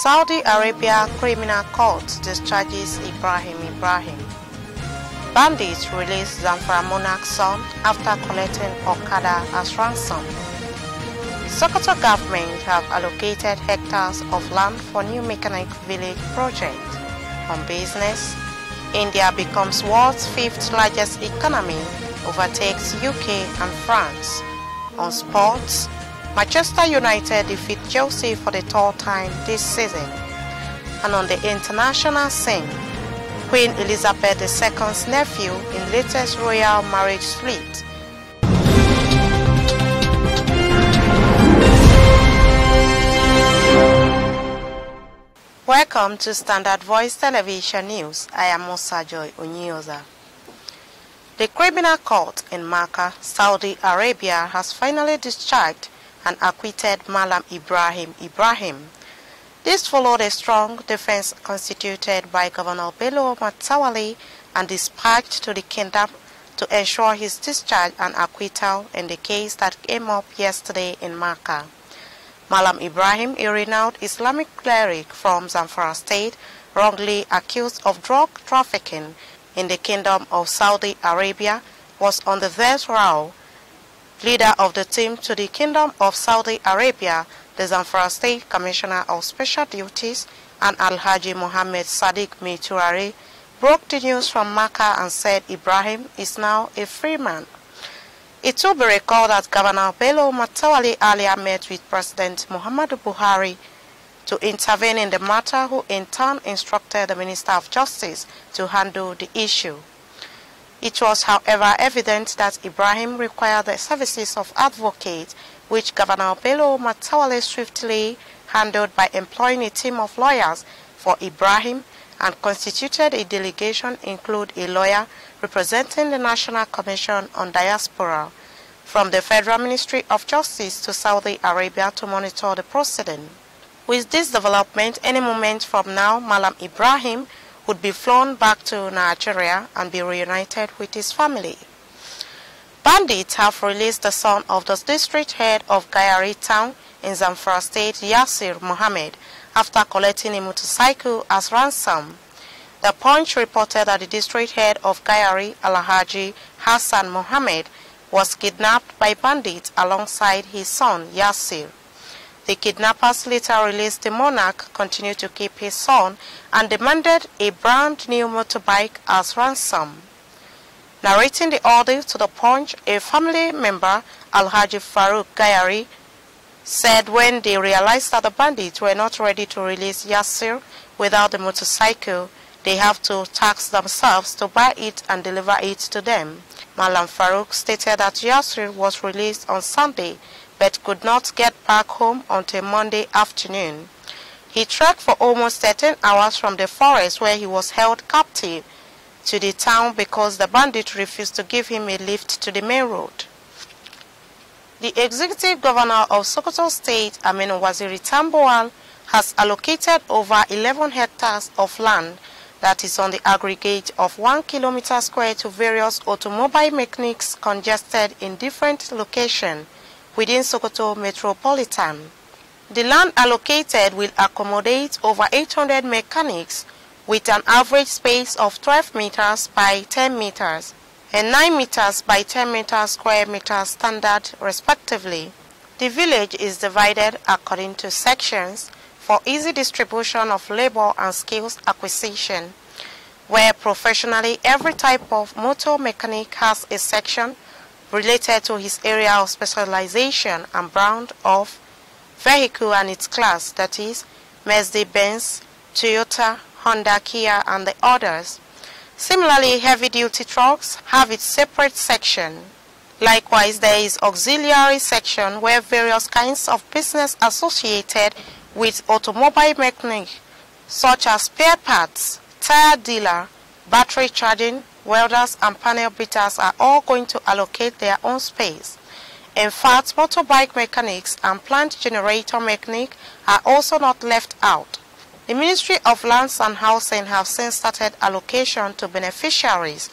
Saudi Arabia Criminal Court discharges Ibrahim Ibrahim. Bandits release Zamfara monarch's son after collecting Okada as ransom. Sokoto government have allocated hectares of land for new mechanic village project. On business, India becomes world's fifth largest economy, overtakes UK and France. On sports, Manchester United defeat Chelsea for the third time this season. And on the international scene, Queen Elizabeth II's nephew in latest royal marriage suite Welcome to Standard Voice Television News. I am Joy Onyoza. The criminal court in Makkah, Saudi Arabia has finally discharged and acquitted Malam Ibrahim Ibrahim. This followed a strong defense constituted by Governor Bello Matawali and dispatched to the kingdom to ensure his discharge and acquittal in the case that came up yesterday in Makkah. Malam Ibrahim, a renowned Islamic cleric from Zamfara state, wrongly accused of drug trafficking in the Kingdom of Saudi Arabia, was on the death row. Leader of the team to the Kingdom of Saudi Arabia, the Zamfara State Commissioner of Special Duties, and Al-Haji Mohammed Sadiq Miturari, broke the news from Makkah and said Ibrahim is now a free man be recalled that Governor Bello Matawali earlier met with President Muhammadu Buhari to intervene in the matter, who in turn instructed the Minister of Justice to handle the issue. It was, however, evident that Ibrahim required the services of advocates, which Governor Bello Matawale swiftly handled by employing a team of lawyers for Ibrahim and constituted a delegation include a lawyer representing the National Commission on Diaspora from the Federal Ministry of Justice to Saudi Arabia to monitor the proceeding. With this development, any moment from now, Malam Ibrahim would be flown back to Nigeria and be reunited with his family. Bandits have released the son of the district head of Gayari town in Zamfara state, Yasir Mohammed, after collecting a motorcycle as ransom. The Punch reported that the district head of Gayari, Alahaji Hassan Mohammed, was kidnapped by bandits alongside his son Yasir. The kidnappers later released the monarch, continued to keep his son, and demanded a brand new motorbike as ransom. Narrating the ordeal to the punch, a family member, Alhaji Farouk Gayari, said when they realized that the bandits were not ready to release Yasir without the motorcycle, they have to tax themselves to buy it and deliver it to them. Malam Farouk stated that Yasir was released on Sunday but could not get back home until Monday afternoon. He trekked for almost 13 hours from the forest where he was held captive to the town because the bandit refused to give him a lift to the main road. The Executive Governor of Sokoto State, Aminu Waziri Tambuwal, has allocated over 11 hectares of land that is on the aggregate of 1 kilometer square to various automobile mechanics congested in different locations within Sokoto Metropolitan. The land allocated will accommodate over 800 mechanics with an average space of 12 meters by 10 meters and 9 meters by 10 meters square meter standard respectively. The village is divided according to sections for easy distribution of labor and skills acquisition, where professionally every type of motor mechanic has a section related to his area of specialization and brand of vehicle and its class, that is, Mercedes-Benz, Toyota, Honda, Kia, and the others. Similarly, heavy-duty trucks have its separate section. Likewise, there is auxiliary section where various kinds of business associated with automobile mechanic, such as spare parts, tire dealer, battery charging, welders and panel beaters are all going to allocate their own space. In fact, motorbike mechanics and plant generator mechanic are also not left out. The Ministry of Lands and Housing have since started allocation to beneficiaries.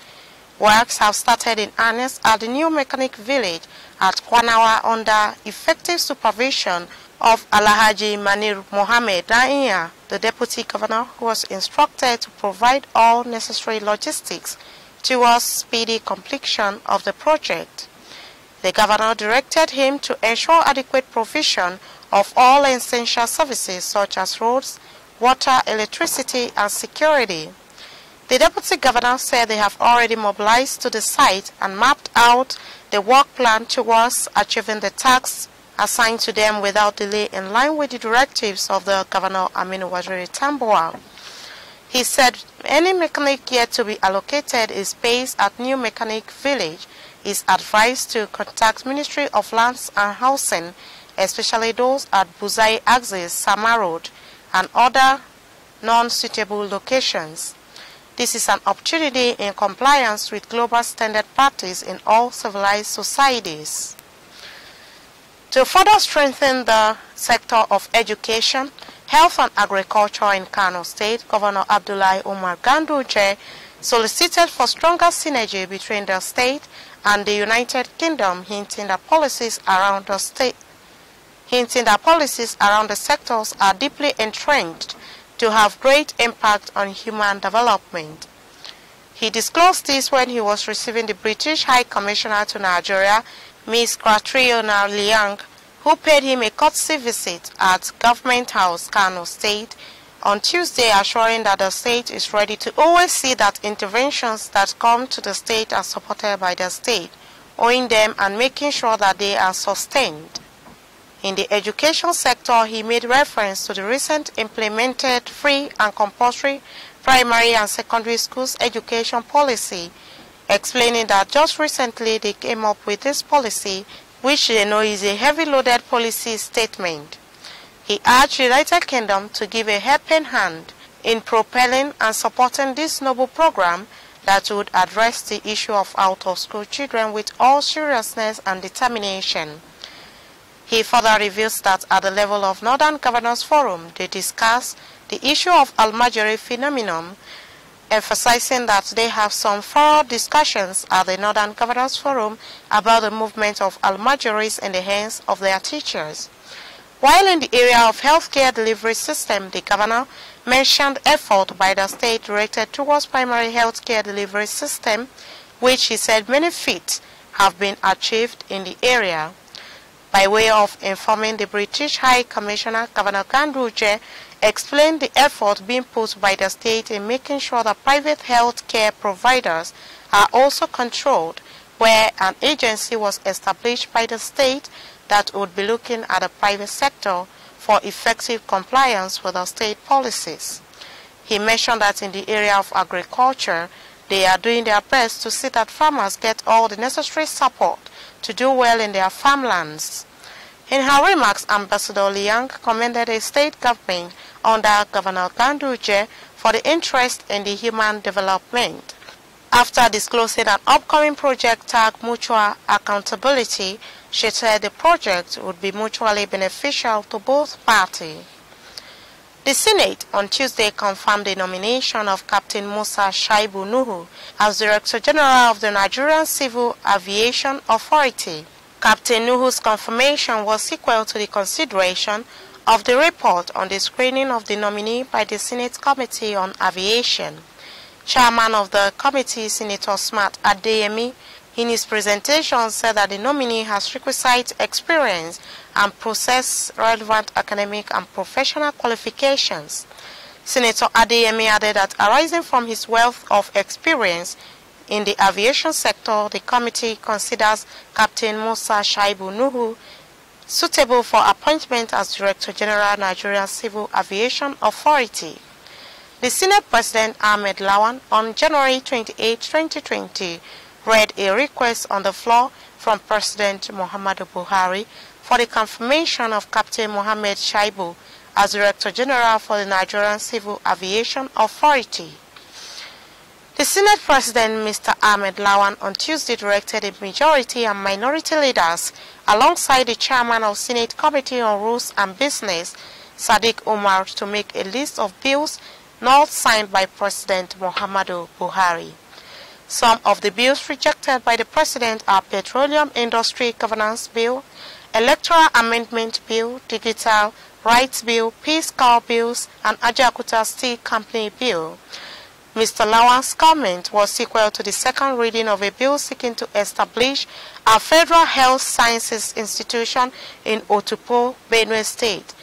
Works have started in earnest at the new mechanic village at Kwanawa under effective supervision of Alahaji Manir Mohamed Daiya, the deputy governor who was instructed to provide all necessary logistics towards speedy completion of the project. The governor directed him to ensure adequate provision of all essential services such as roads, water, electricity, and security. The deputy governor said they have already mobilized to the site and mapped out the work plan towards achieving the tasks assigned to them without delay in line with the directives of the governor Aminu Wajiri Tamboa. He said any mechanic yet to be allocated is based at New Mechanic Village is advised to contact Ministry of Lands and Housing, especially those at Buzai Axis, Sama Road, and other non-suitable locations. This is an opportunity in compliance with global standard practice in all civilized societies. To further strengthen the sector of education, health and agriculture in Kano State, Governor Abdullahi Umar Ganduje solicited for stronger synergy between the state and the United Kingdom, hinting at policies around the state hinting that policies around the sectors are deeply entrenched to have great impact on human development. He disclosed this when he was receiving the British High Commissioner to Nigeria, Ms. Kratriona Liang, who paid him a courtesy visit at Government House, Kano State, on Tuesday, assuring that the state is ready to always see that interventions that come to the state are supported by the state, owing them and making sure that they are sustained. In the education sector, he made reference to the recent implemented free and compulsory primary and secondary schools education policy, explaining that just recently they came up with this policy, which they know is a heavy-loaded policy statement. He urged the United Kingdom to give a helping hand in propelling and supporting this noble program that would address the issue of out-of-school children with all seriousness and determination. He further reveals that at the level of Northern Governors Forum, they discuss the issue of Almajiri phenomenon, emphasizing that they have some thorough discussions at the Northern Governors Forum about the movement of Almajiris in the hands of their teachers. While in the area of healthcare delivery system, the governor mentioned effort by the state directed towards primary healthcare delivery system, which he said many feats have been achieved in the area. By way of informing the British High Commissioner, Governor Kandruje, explained the effort being put by the state in making sure that private health care providers are also controlled, where an agency was established by the state that would be looking at the private sector for effective compliance with our state policies. He mentioned that in the area of agriculture, they are doing their best to see that farmers get all the necessary support to do well in their farmlands. In her remarks, Ambassador Liang commended the state government under Governor Ganduje for the interest in the human development. After disclosing an upcoming project tagged Mutual Accountability, she said the project would be mutually beneficial to both parties. The Senate on Tuesday confirmed the nomination of Captain Musa Shaibu Nuhu as Director General of the Nigerian Civil Aviation Authority. Captain Nuhu's confirmation was sequel to the consideration of the report on the screening of the nominee by the Senate Committee on Aviation. Chairman of the committee, Senator Smart Adeyemi, in his presentation, said that the nominee has requisite experience and possess relevant academic and professional qualifications. Senator Adeyemi added that arising from his wealth of experience in the aviation sector, the committee considers Captain Musa Shaibu Nuhu suitable for appointment as Director General Nigeria Civil Aviation Authority. The Senate President Ahmed Lawan on January 28, 2020 read a request on the floor from President Muhammadu Buhari for the confirmation of Captain Mohammed Shaibu as Director General for the Nigerian Civil Aviation Authority. The Senate President, Mr. Ahmed Lawan, on Tuesday directed the majority and minority leaders, alongside the chairman of Senate Committee on Rules and Business, Sadiq Umar, to make a list of bills not signed by President Muhammadu Buhari. Some of the bills rejected by the President are Petroleum Industry Governance Bill, Electoral Amendment Bill, Digital Rights Bill, Peace Corps Bills, and Ajakuta Steel Company Bill. Mr. Lawan's comment was sequel to the second reading of a bill seeking to establish a federal health sciences institution in Otupo, Benue State.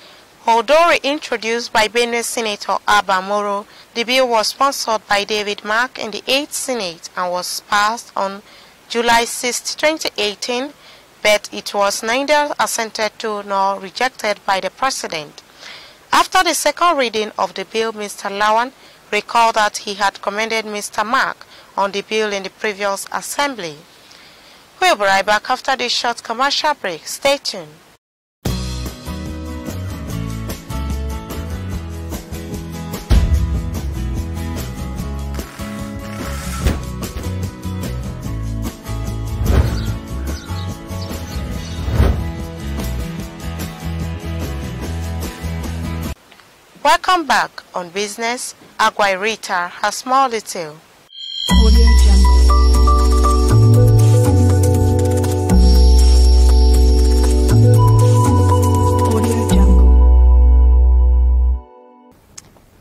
Although reintroduced by Benue Senator Abba Moro, the bill was sponsored by David Mark in the 8th Senate and was passed on July 6, 2018, but it was neither assented to nor rejected by the President. After the second reading of the bill, Mr. Lawan recalled that he had commended Mr. Mark on the bill in the previous assembly. We'll be right back after this short commercial break. Stay tuned. Welcome back on Business. Aguirita has small detail.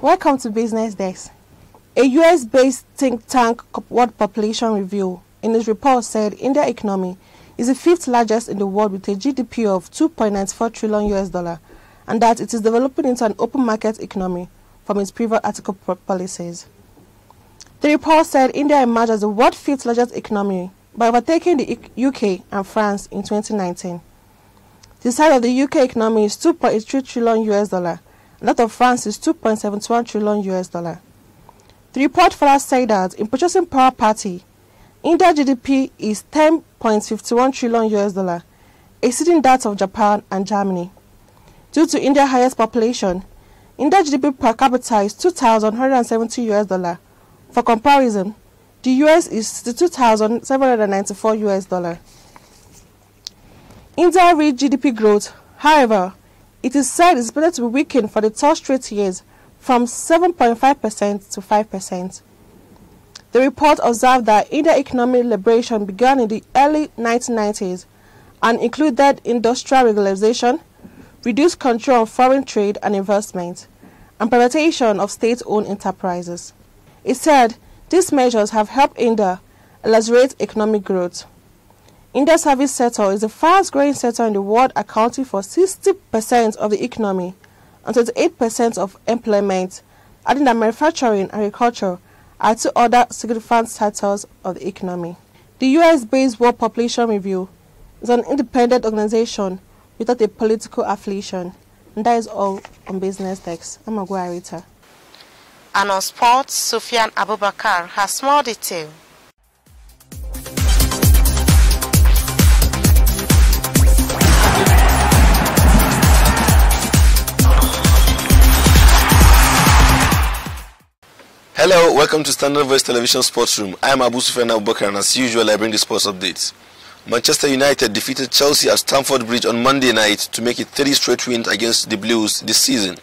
Welcome to Business Desk. A US based think tank World Population Review in its report said India economy is the fifth largest in the world with a GDP of 2.94 trillion US dollar and that it is developing into an open market economy from its previous article policies. The report said India emerged as the world's fifth largest economy by overtaking the UK and France in 2019. The size of the UK economy is 2.83 trillion US dollar, and that of France is 2.71 trillion US dollar. The report further said that in purchasing power parity, India GDP is 10.51 trillion US dollar, exceeding that of Japan and Germany due to India's highest population. India's GDP per capita is 2,170 US dollar. For comparison, the US is 2,794 US dollar. India reached GDP growth, however, it is said is expected to be weakened for the third straight years from 7.5% to 5%. The report observed that India's economic liberation began in the early 1990s and included industrial regularization, reduced control of foreign trade and investment, and privatization of state-owned enterprises. It said these measures have helped India accelerate economic growth. India's service sector is the fast-growing sector in the world accounting for 60% of the economy and 28% of employment, adding that manufacturing and agriculture are two other significant sectors of the economy. The US-based World Population Review is an independent organization without a political affiliation. And that is all on Business Dex. I'm Agua And on sports, Sufyan Abubakar has more detail. Hello, welcome to Standard Voice Television Sports Room. I am Abu Sufyan Abubakar and as usual I bring the sports updates. Manchester United defeated Chelsea at Stamford Bridge on Monday night to make it three straight wins against the Blues this season.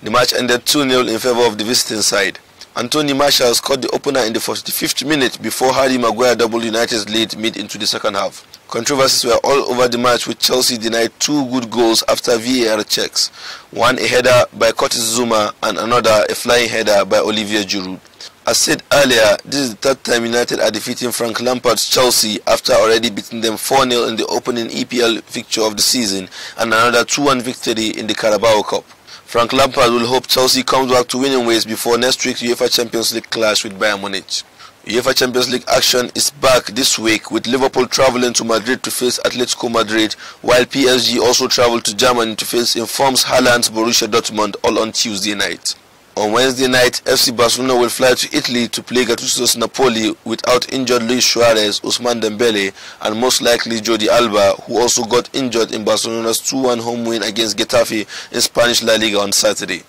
The match ended 2-0 in favour of the visiting side. Anthony Marshall scored the opener in the 45th minute before Harry Maguire doubled United's lead mid into the second half. Controversies were all over the match with Chelsea denied two good goals after VAR checks, one a header by Curtis Zuma and another a flying header by Olivier Giroud. As said earlier, this is the third time United are defeating Frank Lampard's Chelsea after already beating them 4-0 in the opening EPL fixture of the season and another 2-1 victory in the Carabao Cup. Frank Lampard will hope Chelsea comes back to winning ways before next week's UEFA Champions League clash with Bayern Munich. UEFA Champions League action is back this week with Liverpool travelling to Madrid to face Atletico Madrid while PSG also travel to Germany to face informs Haaland's Borussia Dortmund all on Tuesday night. On Wednesday night, FC Barcelona will fly to Italy to play Gattuso's Napoli without injured Luis Suarez, Usman Dembele, and most likely Jordi Alba, who also got injured in Barcelona's 2-1 home win against Getafe in Spanish La Liga on Saturday.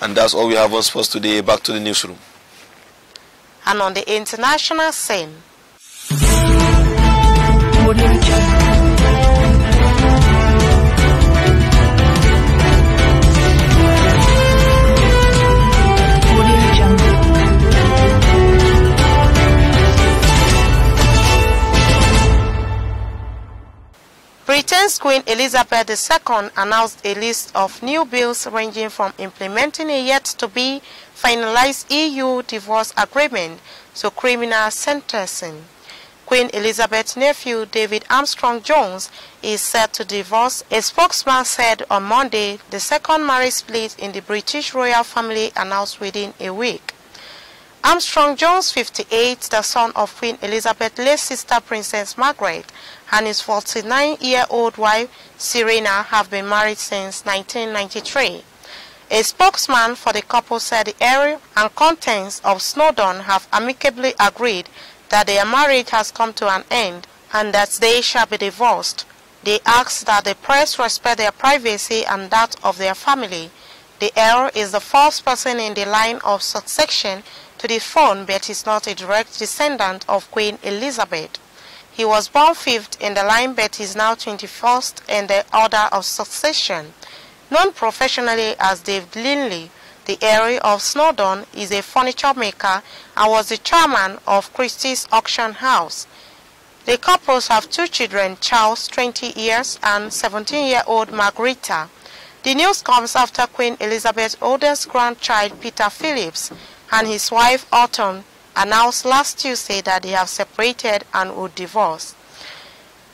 And that's all we have on sports today. Back to the newsroom. And on the international scene. Britain's Queen Elizabeth II announced a list of new bills ranging from implementing a yet-to-be finalized EU divorce agreement to criminal sentencing. Queen Elizabeth's nephew David Armstrong Jones is set to divorce, a spokesman said on Monday the second marriage split in the British royal family announced within a week. Armstrong Jones, 58, the son of Queen Elizabeth's late sister Princess Margaret, and his 49-year-old wife, Serena, have been married since 1993. A spokesman for the couple said the area and contents of Snowdon have amicably agreed that their marriage has come to an end and that they shall be divorced. They ask that the press respect their privacy and that of their family. The heir is the first person in the line of succession to the throne but is not a direct descendant of Queen Elizabeth. He was born 5th in the line but is now 21st in the order of succession. Known professionally as Dave Linley, the area of Snowdon is a furniture maker and was the chairman of Christie's Auction House. The couples have two children, Charles, 20 years, and 17-year-old Margarita. The news comes after Queen Elizabeth oldest grandchild, Peter Phillips, and his wife, Autumn, announced last Tuesday that they have separated and would divorce.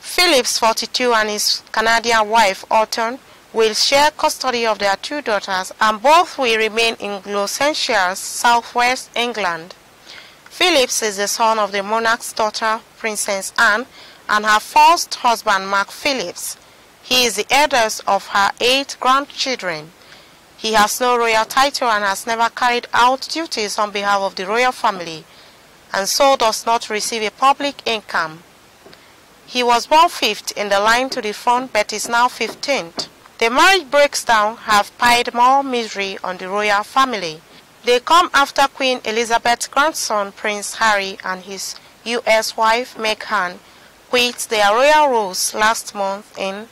Phillips, 42, and his Canadian wife, Autumn, will share custody of their two daughters and both will remain in Gloucestershire, southwest England. Phillips is the son of the monarch's daughter, Princess Anne, and her first husband, Mark Phillips. He is the eldest of her eight grandchildren. He has no royal title and has never carried out duties on behalf of the royal family and so does not receive a public income. He was one-fifth in the line to the front but is now 15th. The marriage breaks down have piled more misery on the royal family. They come after Queen Elizabeth's grandson Prince Harry and his U.S. wife Meghan quit their royal roles last month in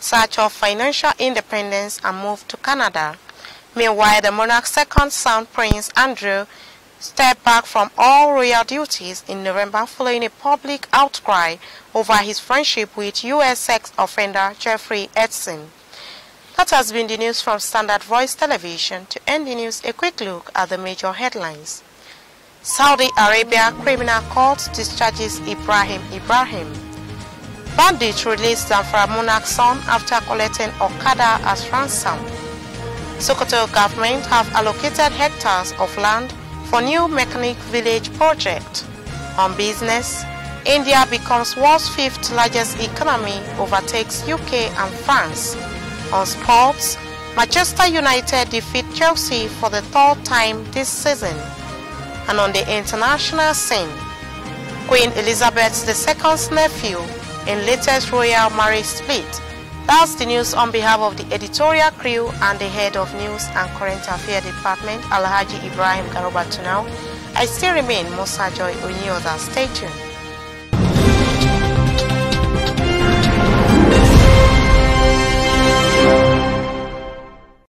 search of financial independence and moved to Canada. Meanwhile, the monarch's second son, Prince Andrew, stepped back from all royal duties in November following a public outcry over his friendship with U.S. sex offender Jeffrey Edson. That has been the news from Standard Voice Television. To end the news, a quick look at the major headlines. Saudi Arabia Criminal Court discharges Ibrahim Ibrahim. Bandit released Zamfara Monarch's son after collecting Okada as ransom. Sokoto government have allocated hectares of land for new mechanic village project. On business, India becomes world's fifth largest economy, overtakes UK and France. On sports, Manchester United defeat Chelsea for the third time this season. And on the international scene, Queen Elizabeth II's nephew in latest royal marriage split that's the news on behalf of the editorial crew and the head of news and current affairs department, Alhaji Ibrahim Garoba Tunau. I still remain Musa Joy Onyoda. Stay tuned.